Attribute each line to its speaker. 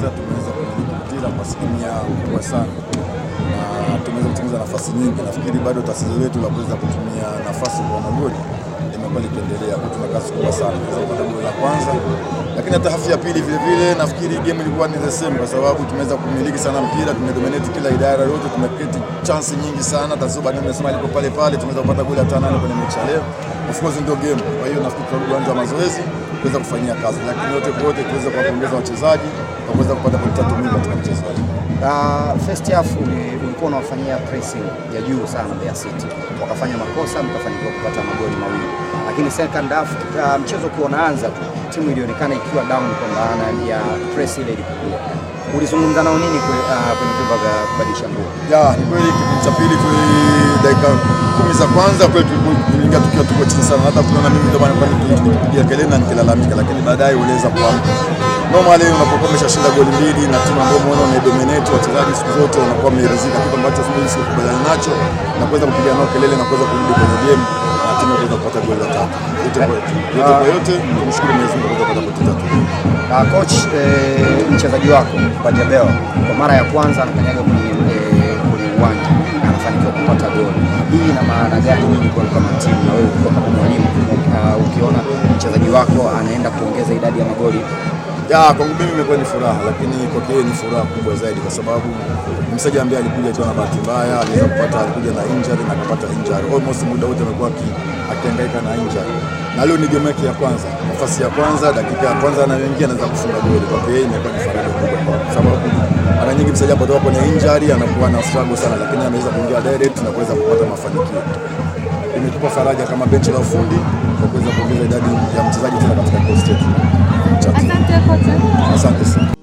Speaker 1: kwanza tumeweza mpira kwa asilimia kubwa sana na tumeweza kutengeneza nafasi nyingi. Nafikiri bado tatizo letu la kuweza kutumia nafasi kwa magoli limekuwa likiendelea kwa kasi kubwa sana kupata goli la kwanza, lakini hata hafu ya pili vile vile nafikiri game ilikuwa ni the same, kwa sababu tumeweza kumiliki sana mpira, tumedominate kila idara yote, tumeketi chance nyingi sana. nimesema liko pale pale, tumeweza kupata goli la tano kwenye mechi ya leo. Of course ndio game, kwa hiyo nafikiri tutarudi uwanja wa mazoezi kuweza kufanyia kazi, lakini yote kwa yote tuweze kuwapongeza wachezaji kwa kuweza kupata goli tatu katika mchezo.
Speaker 2: Uh, first half mlikuwa unawafanyia pressing ya juu sana Mbeya City, wakafanya makosa mkafanikiwa kupata magoli mawili, lakini second half uh, mchezo ukiwa unaanza tu timu ilionekana ikiwa down kwa maana ya press ile ilikuwa. Ulizungumza nao nini uh, kwenye vyumba vya kubadilisha nguo?
Speaker 1: Ya, ni kweli kipindi cha pili kwa dakika kumi za kwanza kweli tuliingia tukiwa tuko chini sana, hata tunaona mimi ndio maana kwa nini tulipigia kelele na nikilalamika, lakini baadaye uliweza kuamka normally unapokuwa umeshashinda goli mbili na timu ambayo umeona unaidominate wachezaji siku zote wanakuwa wameridhika, kitu ambacho sikubaliana nacho na kuweza kupiga nao kelele na kuweza kurudi kwenye game na timu kuweza kupata goli la tatu. Yote kwa yote, yote kwa yote, tumshukuru Mwenyezi Mungu kwa kupata pointi tatu.
Speaker 2: Na ah, coach, eh, mchezaji wako Badiabel kwa mara ya kwanza anakanyaga kwenye eh, kwenye uwanja anafanikiwa kupata goli, hii ina maana gani kwa kama timu na wewe kama mwalimu ah, ukiona mchezaji wako anaenda kuongeza idadi ya magoli
Speaker 1: ya, ah, kwangu mimi imekuwa ni furaha, lakini kwake ni furaha kubwa zaidi kwa sababu msaji ambaye alikuja tu na bahati mbaya aliweza kupata, alikuja na injury na akapata injury. Almost muda wote amekuwa akihangaika na injury. Na leo ni game yake ya kwanza, nafasi ya kwanza, dakika ya kwanza anaingia, anaweza kufunga goli. Kwake imekuwa ni faraja kubwa kwa sababu mara nyingi msaji hapo toka kwenye injury anakuwa na struggle sana, lakini ameweza kuingia direct na kuweza kupata mafanikio. Imetupa faraja kama benchi la ufundi kwa kuweza kuongeza idadi ya mchezaji tena katika kikosi chetu. Asante sana.